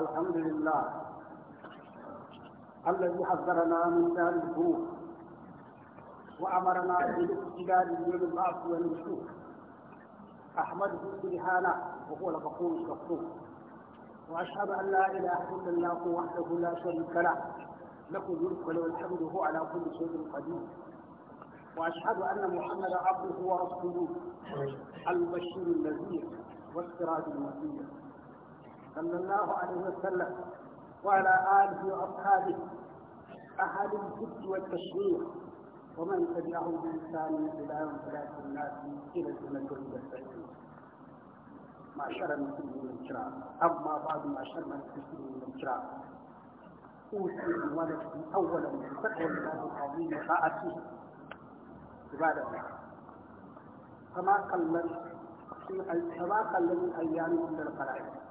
الحمد لله الذي حذرنا من دار الخوف وأمرنا بالاقتدار من البعث والنشور أحمده سبحانه وهو الغفور الشكور وأشهد أن لا إله إلا الله وحده لا شريك له له الملك وله الحمد وهو على كل شيء قدير وأشهد أن محمدا عبده ورسوله المبشر النذير والسراج المسير صلى الله عليه وسلم وعلى آله وأصحابه أهل الجد والتشريع ومن تبعهم بإنسان إلى يوم ثلاث الناس إلى الجنة والسعيد معشر المسلمين الكرام أما بعد معشر المسلمين الكرام أوصي ونفسي أولا بتقوى الله العظيم وطاعته عباد الله فما قلت في فما الذي من أيام من القرائن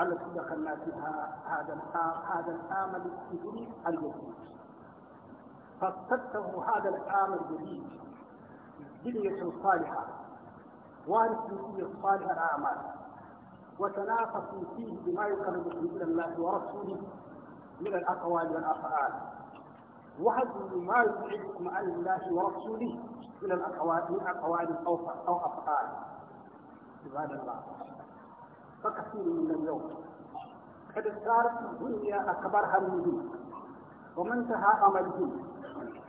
التي دخلنا فيها هذا هذا العام الهجري الجديد فاقتدته هذا العام الجديد بنية صالحة وارث بنية صالح الأعمال وتنافس فيه بما يقربكم إلى الله ورسوله من الأقوال والأفعال وهدوا ما يبعدكم عن الله ورسوله من الأقوال من أقوال أو أو أفعال عباد الله فكثير من اليوم قد صارت الدنيا أكبر همهم انتهى أملهم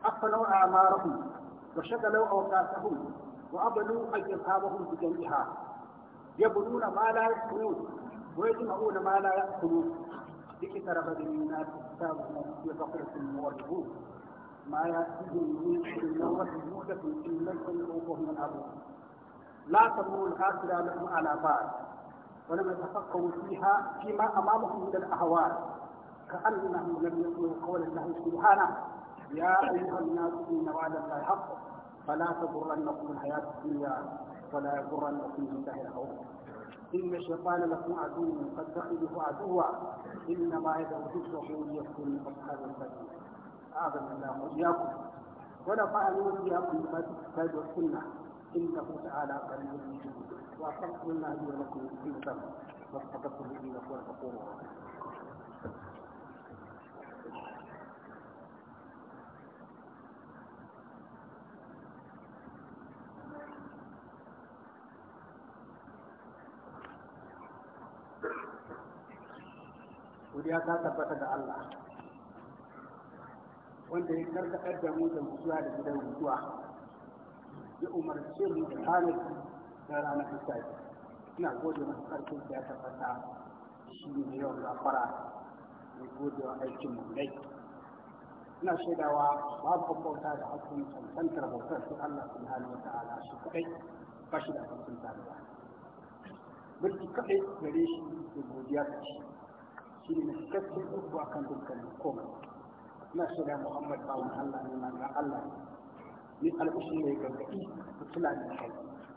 أقلوا أعمارهم وشغلوا أوقاتهم وأبلوا أجسامهم بجنبها يبنون ما لا يسكنون ويجمعون ما لا يأكلون من الناس كتابهم في بقرة موجهون ما يأتيهم من كل يوم مهلة إلا الجنة وهم الأبواب لا تمر الآخرة لهم على بعض ولم يتفقهوا فيها فيما أمامهم من الأهوال كأنهم لم يسمعوا قول الله سبحانه يا أيها الناس إن وعد الله حق فلا تغرنكم الحياة الدنيا ولا يغرنكم بالله الغرور إن الشيطان لكم عدو فاتخذوه عدوا إنما يدعو حزبه ليكون من أصحاب السبيل أعظم الله وإياكم فعلوا وإياكم بما في السنه إنه تعالى قريب مجيب من الله لي ولكم في ذنب واستغفر لي وهو الغفور الرحيم godiya ta tabbata da Allah wanda ya karkatar da mu da mutuwa da gidan mutuwa ya umarce mu da tanadi da ranar hisabi ina gode masa karfin da ya tabbata shi ne yau fara mai gode wa aikin mu ina shaidawa babu bauta da hakan cancantar bautar su Allah subhanahu wa ta'ala shi kadai ba shi da hakkin tarihi mulki kaɗai gare shi da godiya ta shi shi ne cikakken iko kan dukkanin komai ina shaida Muhammad bawan Allah ne na Allah min al'ushi mai gargaɗi da kula da kai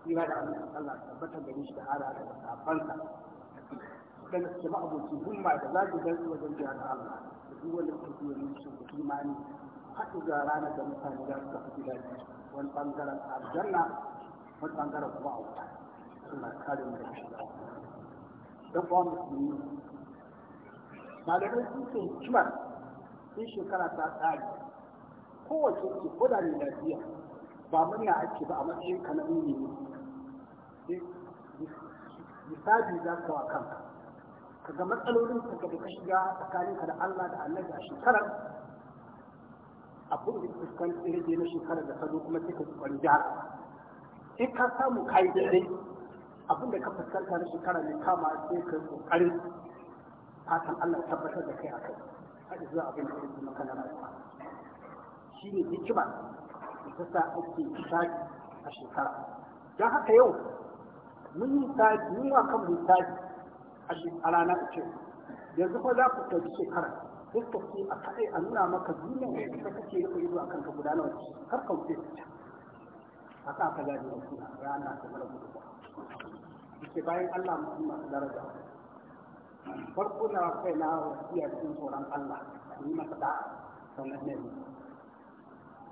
ira da Allah tabbatar da shi da ara da sabansa dan su ba aboki himma da za su gantsu wajen jiya da Allah da duk wani kuma yin shi da imani haka ga ranar da mutane za su tafi shi. wani bangaren aljanna wani bangaren kuma a wuta suna kare mu da shi da kuma musulmi malamai sun ce hikimar sun shekara ta tsari kowace su ko da mai lafiya ba murna ake ba a matsayin ka na ne misali za ka wa kanka Ka ga matsalolin ka da ka shiga tsakaninka da Allah da Annabi a shekarar a da fuskan rage na shekarar da sado kuma sai ka kwari jihar. in ka samu kai daidai abin da ka fuskanta na shekarar ne kama sai ka kokarin fatan Allah tabbatar da kai a kai haɗe zuwa abin da ya zama kana rayuwa shi ne hikima ta sa ake tsari a shekara don haka yau mun yi tsari mun wa kan mun tsari a na ce yanzu ko za ku tafi shekara sai ka ce a kaɗai a nuna maka duniya da kake yi ido a kan ka gudanar da shi kar ka wuce ta a kan ka gani a suna rana ta mara gudu ke bayan Allah mutum masu daraja farko na kai na wasiya cikin tsoron Allah ni masa da sannan ne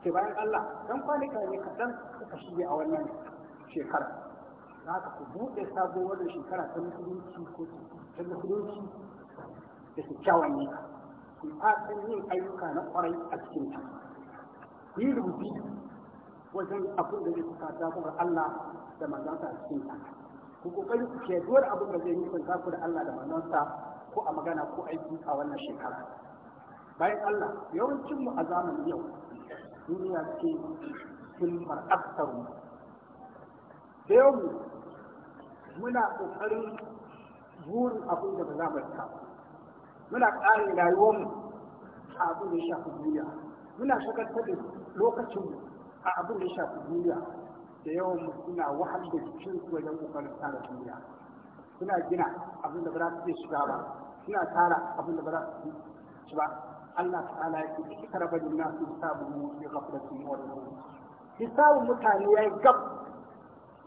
ke bayan Allah dan kwanika ne kadan suka shige a wannan shekara za ka ku buɗe sabuwar shekara ta musulunci ko ta musulunci da kyawun ne ku fatan yin ayyuka na kwarai a cikin ta yi rubuci wajen abin da zai fuka sabuwar Allah da manzansa a cikin ta ku kokari ku shaiduwar abin da zai nisanta ku da Allah da manzansa ko a magana ko aiki a wannan shekara bayan Allah yawancinmu a zamanin yau duniya ce filmar mu. da yau muna ƙoƙarin burin abin da ba za mu ta muna rayuwar rayuwarmu a abin da ya shafi duniya muna shakarta da lokacinmu a abin da ya shafi duniya da yawan mu suna wahal da su wajen ƙoƙarin tara duniya suna gina abin da ba za su iya shiga ba suna tara abin da ba za su ci ba Allah ta'ala ya ce ki karaba da nasu hisabu fi ghaflatin wa rahim hisabu mutane yi gab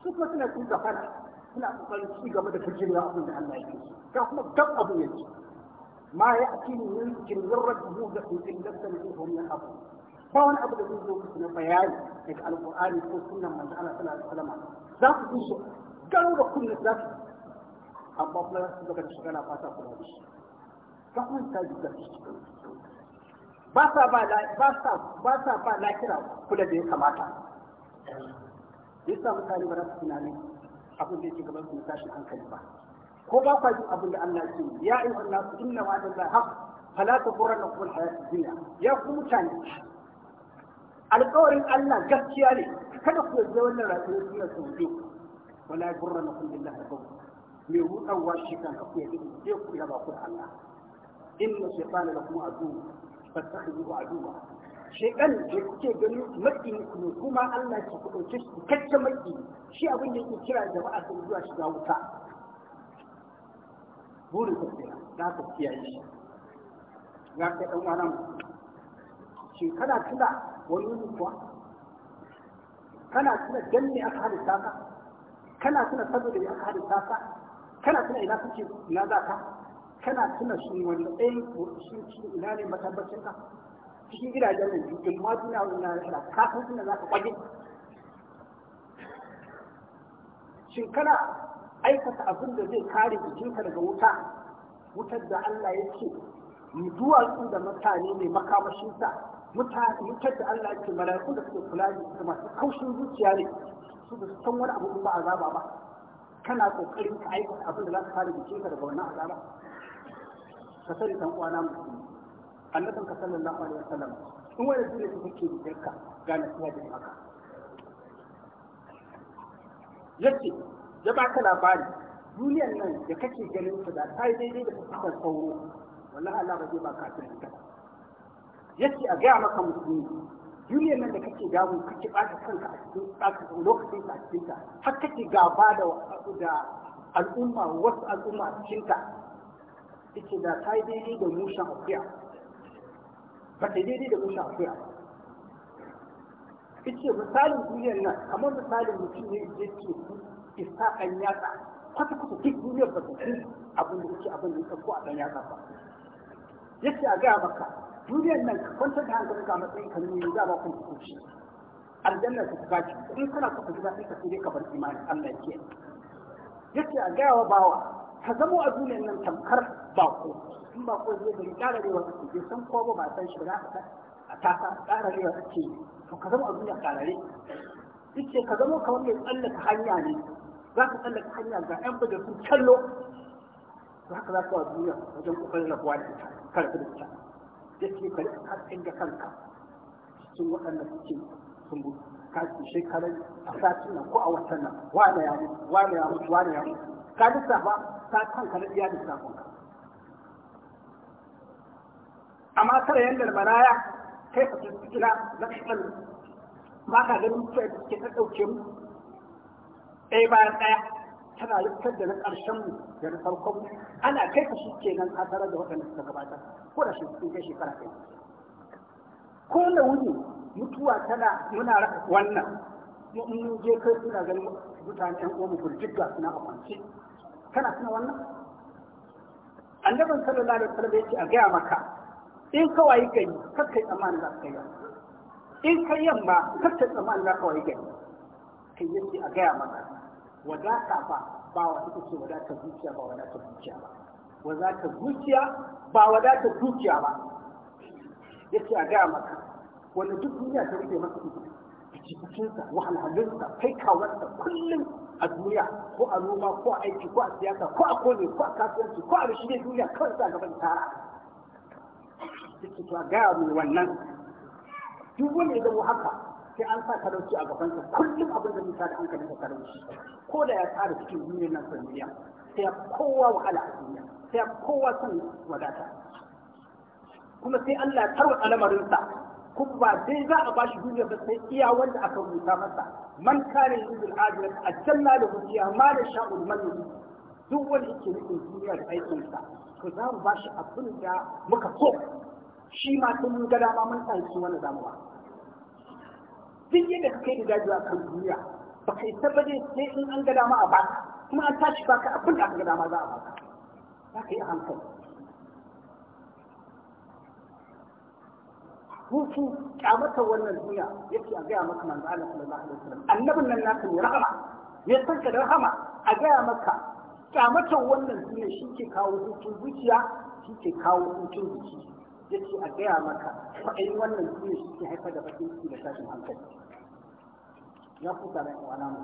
su kuma suna cin gafara suna kokarin ci gaba da fujirwa abin da Allah ya ce ga kuma gab abu yake ma ya akini min zikirin rabbuhu da kullin nafsan abu ba wani abu da zai zo na bayani daga alqur'ani ko sunnan manzo Allah sallallahu alaihi wasallam za ku ji garo da kullu za ku amma kuma za su ga da shagala fata ku da shi ka ta ji da shi ba sa ba ba kira kula da ya kamata yasa mutane ba za su tunanin abin da yake gaban su tashi hankali ba ko ba kwa jin abin da Allah ke ya yi wa nasu inna wa'adallahi haqq fala taghurrannakum alhayatid dunya ya ku mutane alƙawarin Allah gaskiya ne kada ku yarda wannan rayuwar duniya ta wuce wala na billahi al haka me hutawa shi kan ku yarda ku yaba ku Allah inna kuma lakum aduwwun fattakhidhu aduwa shaytan ke kuke gani makin ne kuma Allah ke ku dauke shi kacce maki shi abin da yake kira jama'a su zuwa shiga wuta burin tafiya za ka kiyaye shi ya kai dan wannan shi kana tuna wani kuwa kana tuna danne aka hada ka kana tuna saboda ya aka halitta ka kana tuna ina kuke ina za ka kana tuna shi wani ɗayan shi shi ina ne matabbacin ka cikin gidajen nan in ma tuna wani na rasa ka san tuna za ka kwaje shin kana aikata abin da zai kare jikinka daga wuta wutar da Allah ya ce duwatsu da mutane ne makamashinsa mutane wutar da Allah ya ce mala'iku da suke kula da masu kaushin zuciya ne su da san wani abu ba azaba ba kana kokarin ka aikata abin da za ka kare jikinka daga wannan azaba ka sani dan uwana musulmi annabin ka sallallahu alaihi wasallam in wani zai su kake biyarka ga nasiha da haka yace ya baka labari duniyan nan da kake ganin ta da ta yi daidai da fuskar sauro wallahi Allah ba zai baka ta ita yace a gaya maka musulmi duniyan nan da kake damu kake bata kanka a cikin lokacin ka a cikin ta har kake gaba da da al'umma wasu al'umma a cikin ta ita da ta yi daidai da mushen akuya ba ta daidai da mushen afiya ita misalin duniyar nan kamar misalin mutum ne ya ce isa an yatsa kwata kwata duk duniyar ba ta fi abin da yake abin da ya ɗauko a ɗan yatsa ba ce a gaya maka duniyar nan ka kwantar da hankali ga matsayin ka ne za ba kun kuci aljanna ta baki in kana so ka ji daɗi ka sai ka bar imani Allah yake a gaya wa bawa ka zamo a duniyar nan tamkar bako in bako zai gari ƙara rewa ake bai san ko ba san shi ba za a tasa ƙara rewa ake to ka zama a duniya ƙarare ce ka zama kamar mai tsallaka hanya ne za ka tsallaka hanya ga 'yan bude sun kallo to haka za ka wa duniya wajen ƙoƙarin rabuwa da ita karfi da ita yake ka rika hasken da kanka cikin waɗanda suke sun gudu ka ce shekarar a satin nan ko a watan nan wane ya mutu wane ya mutu wane ya mutu ka ba ta kanka na iya lissafin ka amma tara yanda maraya kai ka tuskila na kasar ba ka ganin cewa da ta ɗauke mu ɗaya bayan ɗaya tana rikar da na ƙarshen mu da na farkon mu ana kai ka shi kenan nan kasar da waɗanda suka gabata ko da sun kai shekara kai ko da wuni mutuwa tana muna raka wannan in je kai suna ganin mutane ɗan uwan mu burjigga suna a kwance kana suna wannan annabin sallallahu alaihi wasallam yake a gaya maka in kawai kai kakai tsamanin za ka yi in kai yamma kakkai tsamanin za ka wayi gari kai yace a gaya maka wadata ba ba wa ita ce wadata zuciya ba wadata zuciya ba wadata zuciya ba wadata zuciya ba yace a gaya maka wanda duk duniya ta rufe masa ido jikinsa wahalhalinsa kai kawarsa kullum a duniya ko a noma ko a aiki ko a siyasa ko a kone ko a kasuwanci ko a rashin duniya kawai sa gaban tara suke cewa gaya mai wannan duk wanda ya zama haka sai an sa talauci a gabansa kullum abin da mutane an kalli da talauci ko da ya tsara cikin duniyar nan sun duniya sai ya kowa wahala a duniya sai ya kowa son wadata kuma sai Allah ya tarwata lamarinsa kuma ba dai za a bashi duniya ba sai iya wanda aka rubuta masa man kare yuzul ajirat ajalla da dunya ma da sha'ul man duk wanda yake nufin duniya da aikinsa to za mu bashi abin da muka so shi ma sun mun ga dama mun san shi wani damuwa duk yadda kake da dajewa kan duniya ba kai tabbade sai in an ga dama a ba kuma an tashi baka abin da aka ga dama za a baka za ka yi hankali hutu kyamatar wannan duniya yake a gaya maka manzo Allah sallallahu alaihi wasallam annabin nan naka ne rahama ya san ka da rahama a gaya maka kyamatar wannan duniya shi ke kawo hutun zuciya shi ke kawo hutun zuciya. yace a gaya maka kwaɗayin wannan shi ne haifar da bakin ciki da tashin hankali ya kusa da yawa namu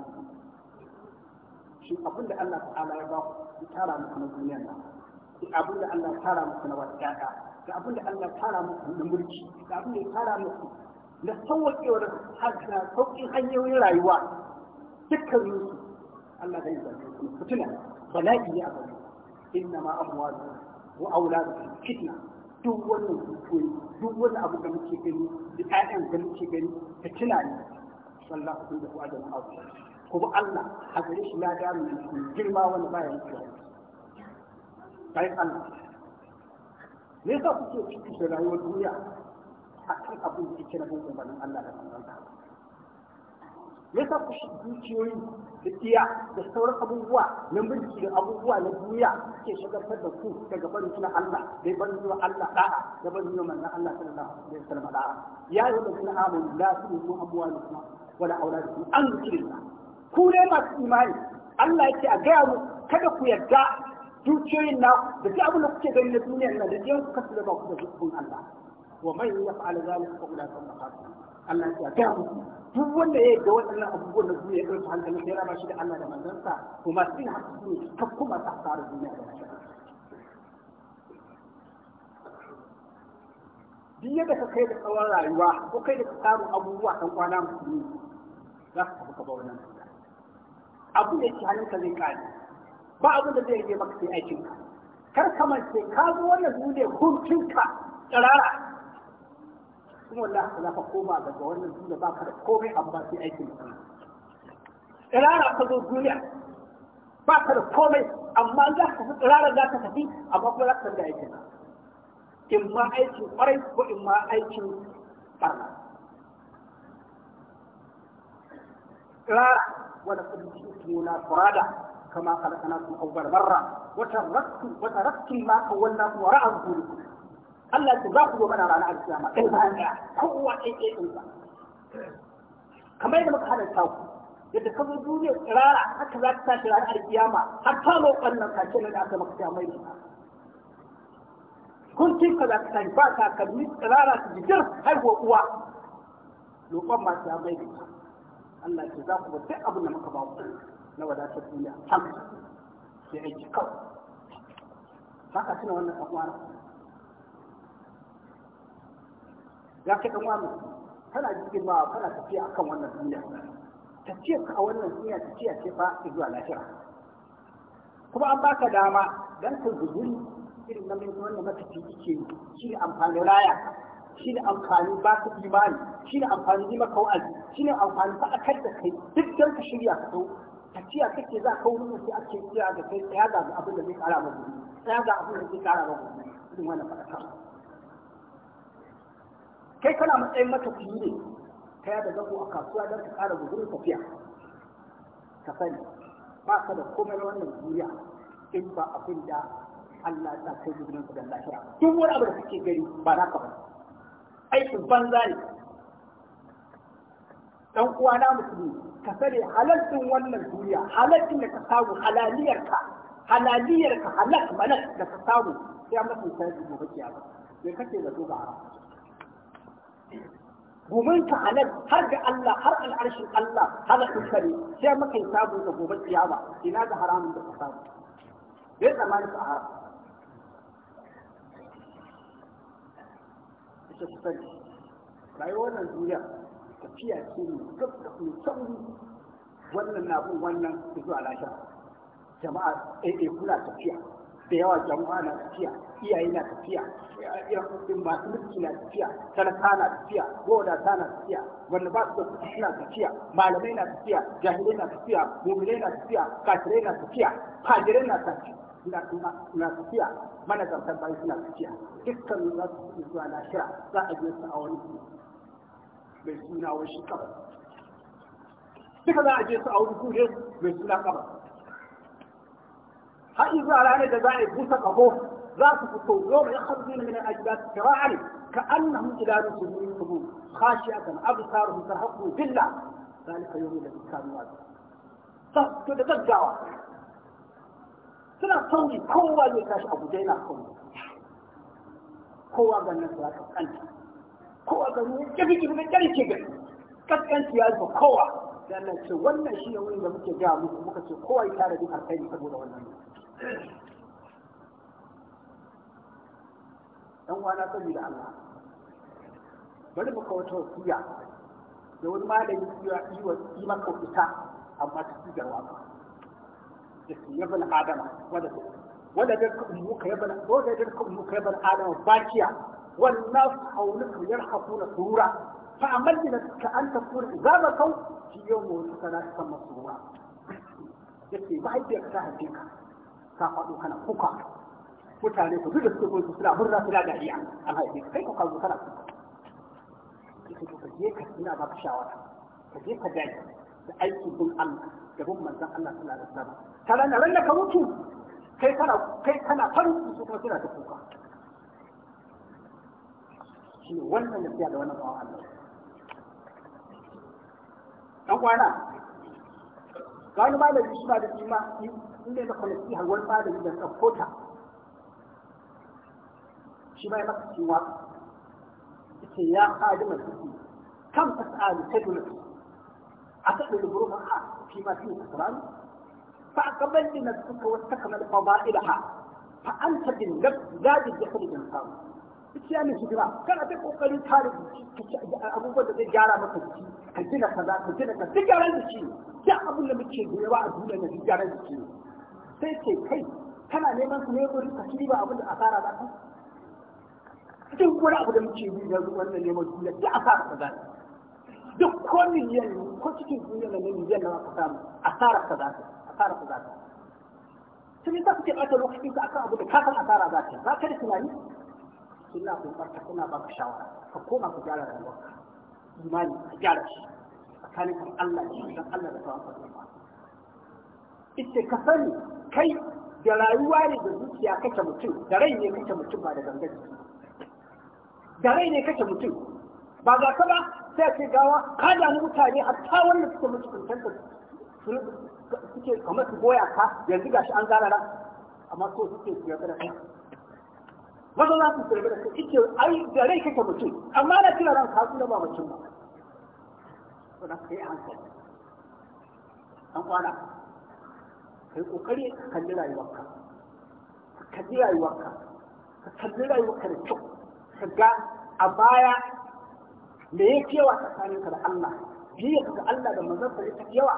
shi abinda Allah ta'ala ya ba ku tara muku na duniyar nan da abinda Allah ya tara muku na wadata da abinda Allah ya tara muku na mulki da abinda ya tara muku na sauƙewar hajja sauƙin hanyoyin rayuwa dukkan su Allah zai zarge ku fitina bala'i ne a gaba inna ma amwalukum wa auladukum fitna duk wannan kuskure duk wani abu da muke gani da ƴaƴan da muke gani ta tuna ne sallahu alaihi wa sallam kuma Allah a gare shi ya ga mu girma wani baya mutuwa sai Allah me yasa kuke cikin rayuwar duniya a kan abin da yake na gurbin Allah da manzon Allah me yasa ku shi dukiyoyi da tiya da sauran abubuwa na mulki da abubuwa na duniya suke shagaltar da ku daga barin suna Allah da barin suna Allah da'a da barin suna manzon Allah sallallahu alaihi wasallam da ya yi da suna amanu la tu'tu amwalukum wala su an da ku ne masu imani Allah yake a gaya mu kada ku yarda dukiyoyin na da duk abin da kuke gani na duniya na da jiyan ku kasu da ba ku da zikrin Allah wa man fa'ala zalika fa ulaka hum Allah yake a gaya mu duk wanda ya yadda waɗannan abubuwan da zuwa ya ɗauki hankali sai raba shi da Allah da manzansa to masu yin haka su ne ta kuma ta fara duniya da lafiya duk yadda ka kai da tsawon rayuwa ko kai da tsaro abubuwa kan kwana musulmi za ka tafi kaba wani wannan abu da yake hannunka zai kare ba abin da zai rage maka sai aikinka kar ka mace ka zo wannan duniya huncinka tsirara kuma wanda haka za ka koma daga wannan duniya ba ka da komai amma sai aikin mutum Irara ka zo duniya ba ka da komai amma za ka fi irara za ka tafi amma kuma za ka da aikin in ma aikin kwarai ko in ma aikin barna Irara wanda kama cikin na furada كما خلقناكم أول مرة وتركتم وتركتم ما خولناكم وراء ظهوركم Allah ya ce za ku zo mana ranar alkiyama kai bayan ɗaya kowa ɗaya ɗaya ɗinsa kamar yadda muka halatta ku yadda ka zo duniya tsirara haka za ka tashi ranar alkiyama har ta lokon nan kace da aka maka ta mai kun ci ka za ka tashi ba ka takalmi tsirara su jijjar haihuwa uwa lokon masu ya mai Allah ya ce za ku ba duk abin da muka ba ku na wadatar duniya sam sai aiki kawai ba ka tuna wannan abuwa ya ka ɗan wani kana jikin ma kana tafiya akan wannan duniya tafiya ka a wannan duniya tafiya ce fa zuwa lafiya kuma an baka dama dan ka guduri irin na mai wannan matafi ke shi ne amfani raya shi ne amfani ba ka imani shi ne amfani yi maka wa'azi shi ne amfani kai da kai duk dan ka shirya ka zo tafiya kake za ka wurin sai ake kira da kai tsaya ga abin da zai kara maka tsaya ga abin da zai kara maka irin wannan fa'akar kana matsayin matafiyi ne ka yada zango a kasuwa don ka kara guzurin tafiya ka sani ba ka da komai wannan duniya in ba abin da Allah ya kai guzurin ku da lahira duk wani abu da kake gari ba na ka ba aikin banza ne dan uwa na musulmi ka sani halalcin wannan duniya halalcin da ka samu halaliyarka halaliyarka halal malak da ka samu sai an mafi sai gobe kiyama sai kake da su haram gumin ka halal har ga Allah har al'arshin Allah halakin ka ne sai maka sabu da gobe kiyama ina da haramun da ka samu bai tsammanin ka haram ita su sani rayuwar nan duniya tafiya ce mai gab da mai sauri wannan na bin wannan zuwa lafiya jama'a ɗaiɗai eh, eh, kula tafiya da yawa jama'a na tafiya iyaye na tafiya irin masu mulki na tafiya talaka na tafiya ta na tafiya wanda ba su da kuɗi suna tafiya malamai na tafiya jahilai na tafiya muminai na tafiya kafirai na tafiya fajirai na tafiya na tafiya manazartan bayi suna tafiya dukkan za su fi zuwa lashira za a je su a wani mai suna wani shi kaba duka za a je su a wani mai suna kaba har zuwa ranar da za a yi busa kaho za su fito yau mai hamsin min al-ajdad sira'an ka yi kashiya kan annahum ila nusurin kubur billa absaruhum tahaqqu billah zalika da ladhi kanu to da gaggawa suna sauri kowa zai tashi a guje yana sauri kowa ganin su ya kaskanta kowa ganin ya kifi kifi da ƙarfe gari kaskanci ya zuba kowa da ce wannan shi ne wani da muke gaya muku muka ce kowa ya tara duk alkhairi saboda wannan ɗan wana sani da Allah bari maka wata wasiya da wani malami ya yi wa yi maka fita amma ta fi garwa ba da su yabal adama wanda ta wanda da ka umu ka yabal wanda da ka umu ka yabal adama bakiya wannan hauluka yarhaquna surura fa amalka an ta za izama kau shi yau mu wata sana kan masura yace mahaifiyar ta haife ka faɗo kana kuka mutane ku duka suke goyi suna murna suna dariya an haife kai ku kazo kana kuka kike to ka je ka ina ba ka shawara ka je ka dai da aikin bin Allah da bin manzon Allah sallallahu alaihi wasallam kana na ran da ka mutu kai kana kai kana farin su kuma suna ta kuka shi wannan nasiya da wannan bawan Allah dan kwana ga wani malami shi ba da kima in dai maka nasiha wani malami da tsakko ta shi ma ya maka cewa ce ya khadimar ciki kan fasali ta dole a kan da ruburu ma fi ma fi kusuran fa akabal din suka wata kamar fada'ilaha fa anta bin nafs zadi da kudi din samu ita ya mishi jira kana ta kokarin tare abubuwan da zai gyara maka jiki ka gina kaza ka gina ka duk gyaran jiki ya abin da muke goyewa a duniya na duk gyaran jiki sai ce kai kana neman su ne wurin ka ci ba abin da asara za ka cikin wani abu da muke yi zuwa wannan neman duniya duk asara ka za duk ko miliyan ko cikin duniya na miliyan na ka samu asara ka za ka asara ka za ta. sun yi za su ɓata lokacin ka akan abu da ka san asara za ka za ka da tunani suna farka suna ba ka shawara ka koma ka gyara rayuwarka imani ka gyara shi tsakanin Allah da shi Allah da tawakkalin ba ita ka sani kai da rayuwa ne da zuciya kace mutum da rai ne kace mutum ba da gangan da rai ne kace mutum ba ga ka ba sai ce gawa ka da mutane hatta wanda suke mutu kuntanta suke kamar su goya ka yanzu gashi an zara ran amma ko suke su yarda da kai maza za su yarda da kai ike ai da rai kake mutum amma na kira ran ka su da ba mutum ba to da kai hankali an kwana kai kokari ka kalli rayuwarka ka kalli rayuwarka ka kalli rayuwarka da kyau ka ga a baya me ya kewa tsakaninka da Allah biyarka ga Allah da sa ya fi yawa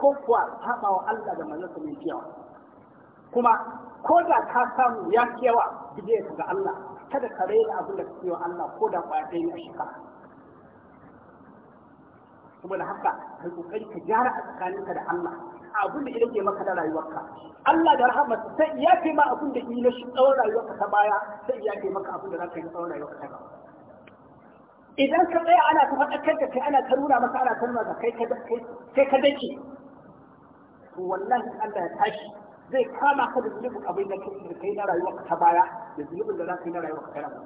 ko kuwa saba wa Allah da sa mai yawa kuma ko da ka samu ya fi yawa biyarka ga Allah kada ka raina abin da kake wa Allah ko da kwaya ɗaya ne a shekara saboda haka kai kokari ka gyara a tsakaninka da Allah abin da yake maka na rayuwarka Allah da rahmat sai ya ce ma abin da yi na shi tsawon rayuwarka ta baya sai ya ce maka abin da za ka yi tsawon rayuwarka ta gaba idan ka tsaya ana ta faɗakar da kai ana ta nuna maka ana ta nuna ka kai kai ka dake to wallahi Allah ya tashi zai kama ka da zulubin abin da kai na rayuwarka ta baya da zulubin da za ka yi na rayuwarka ta gaba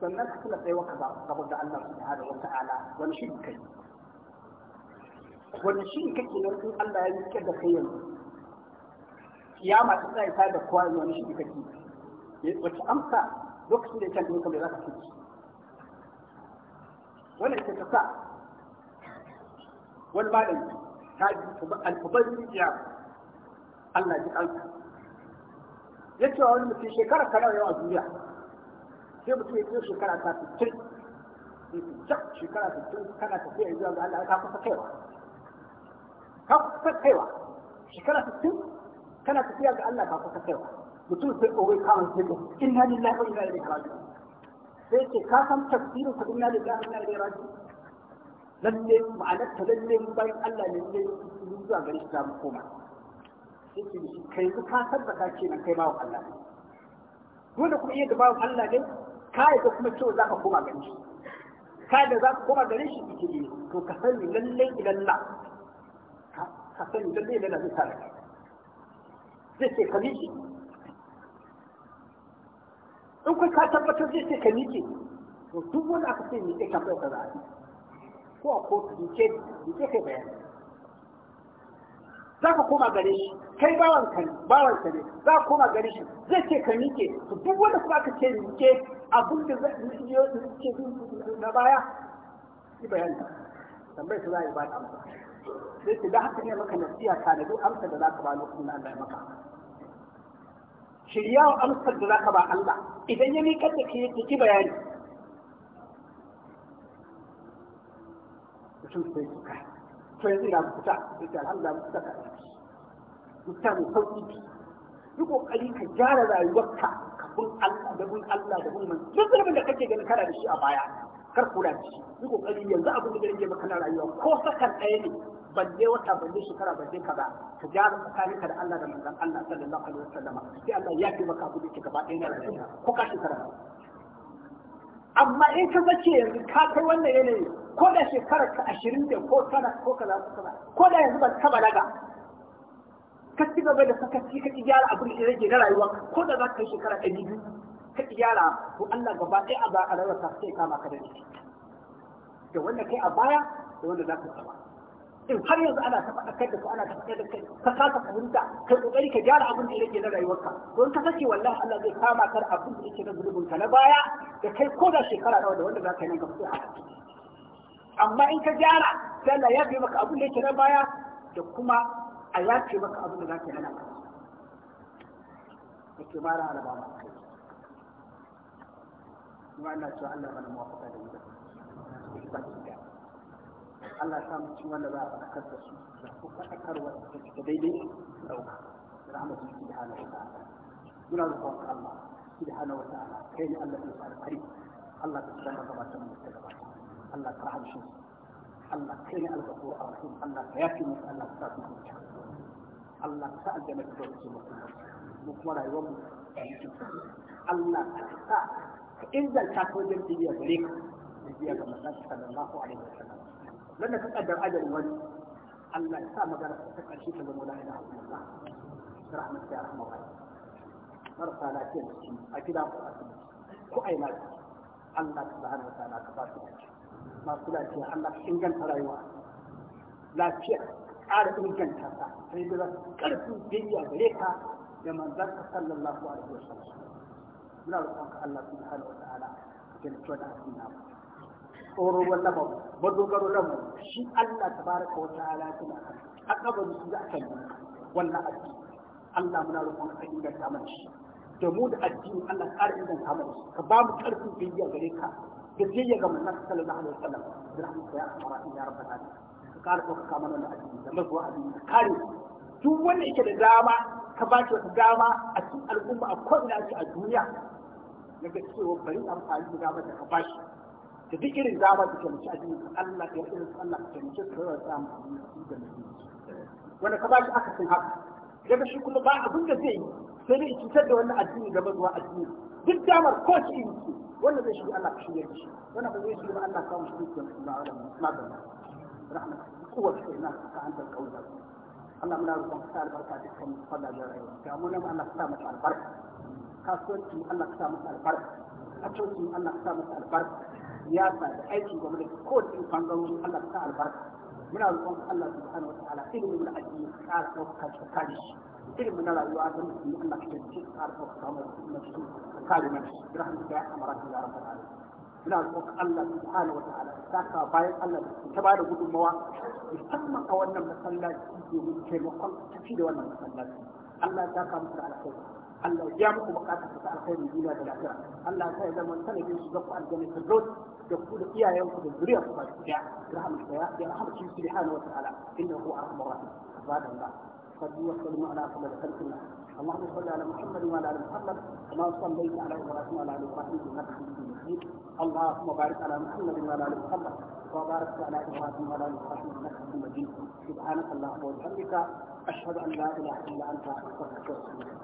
sannan ka tuna tsayuwarka gaban da Allah subhanahu wa ta'ala wani shi kai wani shiri kake nan in Allah ya yi da kai yanzu kiyama ta tsaya ta da kowa wani shiri kake wace amsa lokacin da ya canza mutum da za ka fi wannan ita ta sa wani malami ta ji alfubar ya Allah ji kanka ya ce wa wani mutum shekara kana yau a duniya sai mutum ya ce shekara ta fitin shekara fitin kana tafiya zuwa ga Allah ta kusa kaiwa ka kusa kaiwa shekara 60 kana tafiya ga Allah ka kusa kaiwa mutum sai ogai kawai sai ko inna lillahi wa inna ilaihi raji'un sai ce ka san tafsirin ku inna lillahi wa inna ilaihi raji'un lalle ma'anar ta lalle mu bayan Allah ne ne zuwa gare shi za mu koma sai ce shi kai ka tabbata kenan kai bawan Allah ne dole kuma iya da bawan Allah ne ka da kuma cewa za ka koma gare shi ka da za ka koma gare shi kike to ka sani lalle ilalla ka sani lalle yana da tare zai ce ka miƙe in kai ka tabbatar zai ce ka miƙe to duk wani aka ce miƙe ka bai ka za'a ko a kotu miƙe miƙe kai bayani za ka koma gare shi kai bawan ka bawan ka za ka koma gare shi zai ce ka miƙe to duk wanda kuma aka ce miƙe abin da zai yi na baya yi bayani tambayar su za a yi ba sai ce da haka ne maka nasiya tanadi amsar da za ka ba lokacin da Allah ya maka shirya wa amsar da za ka ba Allah idan ya miƙar da ke ya ki bayani mutum sai suka to yanzu da fita da ce alhamdulillah mu fita ka mutta mu sauki yi ƙoƙari ka gyara rayuwarka ka bin Allah da bin Allah da bin man duk zurfin da kake ganin kana da shi a baya kar kula da shi yi ƙoƙari yanzu abin da ya rage maka na rayuwa ko sakan ɗaya ne balle wata balle shekara balle kaza ka gyara tsakaninka da Allah da manzon Allah sallallahu alaihi wasallam sai Allah ya fi maka gudu ki gaba ɗaya na rayuwa ko ka shekara amma in ka zace yanzu ka kai wannan yanayi ko da shekarar ka ashirin da ko tana ko kaza ko kaza ko da yanzu ba ka balaga ka ci gaba da sakaci ka ci gyara abin da rage na rayuwa ko da za ka yi shekara ɗari biyu ka ci gyara to Allah gaba ɗaya a ba a rayuwa ta sai kama ka da da wanda kai a baya da wanda za ka tsaba in har yanzu ana ta faɗa kai da ku ana ta faɗa da kai ka kasa fahimta ka kokari ka gyara abin da yake na rayuwarka don ka sake wallahi Allah zai kama kar abin da yake na ka na baya da kai ko da shekara nawa da wanda za ka yi nan ka fito a amma in ka gyara sai Allah ya bi maka abin da yake na baya da kuma a yace maka abin da za ka yi nan da ke mara halaba ma kai kuma Allah ce Allah mana muwafaka da mu da Allah ya samu cikin wanda za a faɗakar da su da ku faɗakarwa da ta daidai ɗauka rahmatu subhanahu wa ta'ala muna roƙon Allah subhanahu wa ta'ala kai ne Allah ya sa alkhairi Allah ka tsaya gaba ta mu ta gaba Allah ta hamshe Allah kai ne al-ghafur ar-rahim Allah ta yafi mu Allah ta sa mu Allah ka sa aljanna ta dauke mu mu kuma rayuwar mu Allah ka sa ka inganta ko jirgin biya gare ka biya ga manzon sallallahu alaihi wasallam wanda ka kaddar ajalin wani Allah ya sa magana ta karshe ta zama la'ila a Allah rahmat ya rahma wa marasa lafiya ciki a gida ko a ko a ina Allah ta subhanahu da ta'ala ka ba su lafiya masu lafiya Allah ka inganta rayuwa lafiya ƙara inganta ta sai da za su ƙarfin biyayya gare ka da manzon ka sallallahu alaihi wa sallam muna roƙon ka Allah subhanahu wa ta'ala ka gani cewa da abin namu tsoron lamar madogaro lamar shi Allah ta baraka wa ta'ala na a kabari su za a kan wannan addini Allah muna roƙon ka inganta mana shi da mu da addini Allah ƙara inganta mana shi ka ba mu ƙarfin biyayya gare ka da biyayya ga manzon sallallahu alaihi wasallam da rahmatu ya amara ya ta, ka ƙara ɗaukaka mana wannan addini da mazuwa addini ka kare duk wanda yake da dama ka ba shi wata dama a cikin al'umma a kowane a duniya ga cewa bari amfani da damar da ka ba shi da duk irin dama da ke mace addini Allah ya irin Allah ke mace ka yawa ta mu addini da mutum wanda ka ba shi aka sun haka daga shi kuma ba abin da zai yi sai dai cutar da wannan addini gaba zuwa addini duk damar ko shi in ce wannan zai shiga Allah shi ya shi wannan ba zai shiga ba Allah kawo shi da mutum ba wannan magana rahmat kowace kai na ka an da kauna Allah muna roƙon ka albarka da kan fada da rayuwa ga mu nan Allah ka sa mata albarka kasuwanci Allah ka sa mata albarka a cikin Allah ka sa mata albarka siyasa da aikin gwamnati ko cikin bangarori Allah ta albarka muna roƙon Allah subhanahu wataala ilimin da addini ka ƙara ɗaukar ka kare shi ilimin na rayuwa don su yi Allah ka ce ka ƙara ɗaukar mu na su ka kare mana rahmatu ya amara ki ya rabbal alamin muna roƙon Allah subhanahu wataala saka bayan Allah ta bada gudunmawa musamman a wannan masallaci domin taimakon tafi da wannan masallaci Allah ya saka musu alkhairi Allah ya muku bukatar ta alkhairi duniya da lafiya Allah ya sa ya zama sanadin su zaku aljanna ta تقول يا يوم الدنيا فاجع رحمة الله يا رحمة الله سبحانه وتعالى إنه هو أرحم الراحمين عباد الله قد وصلنا على صلى خلق الله اللهم صل على محمد وعلى ال محمد كما صليت على ابراهيم وعلى ال ابراهيم انك حميد مجيد اللهم بارك على محمد وعلى ال محمد وبارك على ابراهيم وعلى ال ابراهيم انك حميد مجيد سبحانك اللهم وبحمدك اشهد ان لا اله الا انت استغفرك واتوب اليك